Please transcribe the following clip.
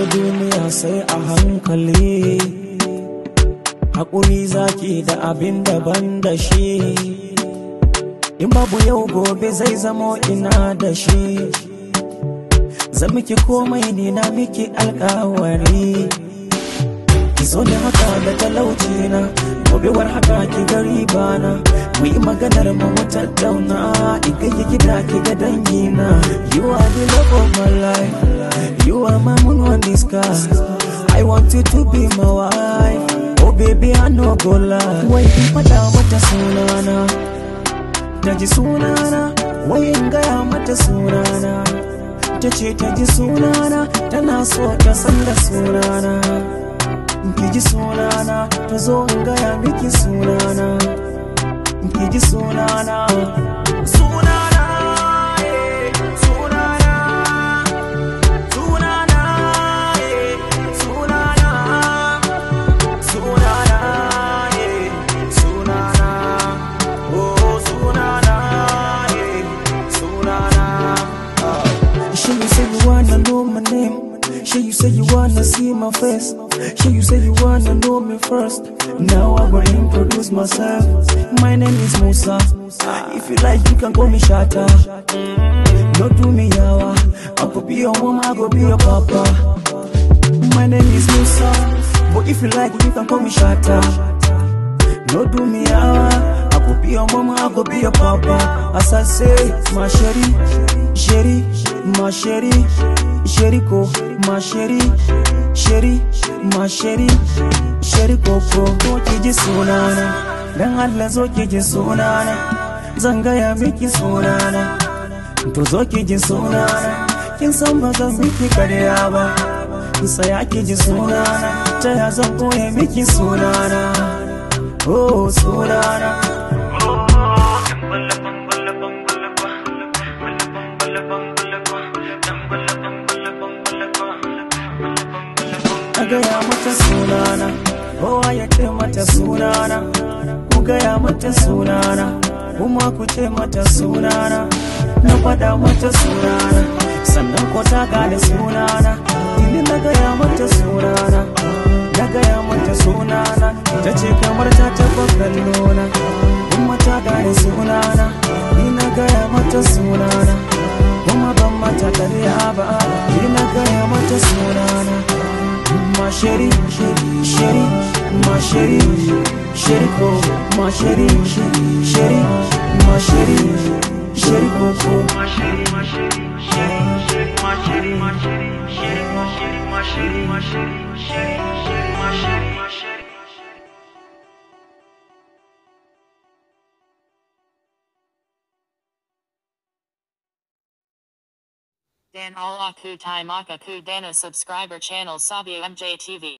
ta duniya sai a hankali haƙuri zaki da abin daban da shi in babu yau gobe zai zamo ina da shi zamiki komai ne na miki alkawari ki zo ne haka da talauci na war haka ki gari bana mu yi maganar mu tattauna in gayyaki da ki ga dangina you are the love of my life mama moon on the sky I want you to be my wife Oh baby I know go lie Wai down faɗa mata sunana Ta ji sunana Wai in gaya mata sunana Ta ce ta ji sunana Tana saw ta sun the sunana Kiji ji sunana Ta zo in gaya miki sunana Ki ji sunana say you wanna see my face. Yeah, you say you wanna know me first. Now I will introduce myself. My name is Musa. If you like, you can call me Shata. No do me yawa. I could be your mama, I could be your papa. My name is Musa. But if you like, you can call me Shata. No do me yawa. I could be your mama, I could be your papa. As I say, my sherry, sherry, my sherry. Sheri ko, ma sheri, sheri, ma sheri, sheri ko ko, ko sunana, dan Allah zo ji sunana, zan gaya miki sunana, to zo ki ji sunana, kin san ba zan miki karya ba, saya ki ji sunana, ta ya zan koya miki sunana, oh sunana. Oh, a gaya mata sunana kowa ya ce mata sunana ku gaya mata sunana kuma ku ce mata sunana na fada mata sunana sannan ko ta gada sunana ili na gaya mata sunana na gaya mata sunana ta ce kamar ta taba kallona kuma ta gada sunana ni na gaya mata sunana kuma ban mata karya ba ni na gaya mata sunana my shitty, shitty, my shitty, shitty cool, my shitty, shitty, my shitty, shitty cool cool. My shitty, my shitty, shitty, shitty, my shitty, my shitty, shitty, my shitty, my shitty, my shitty, shitty. Dan Alaku Taimaka Ku Dana subscriber channel Sabio MJ TV.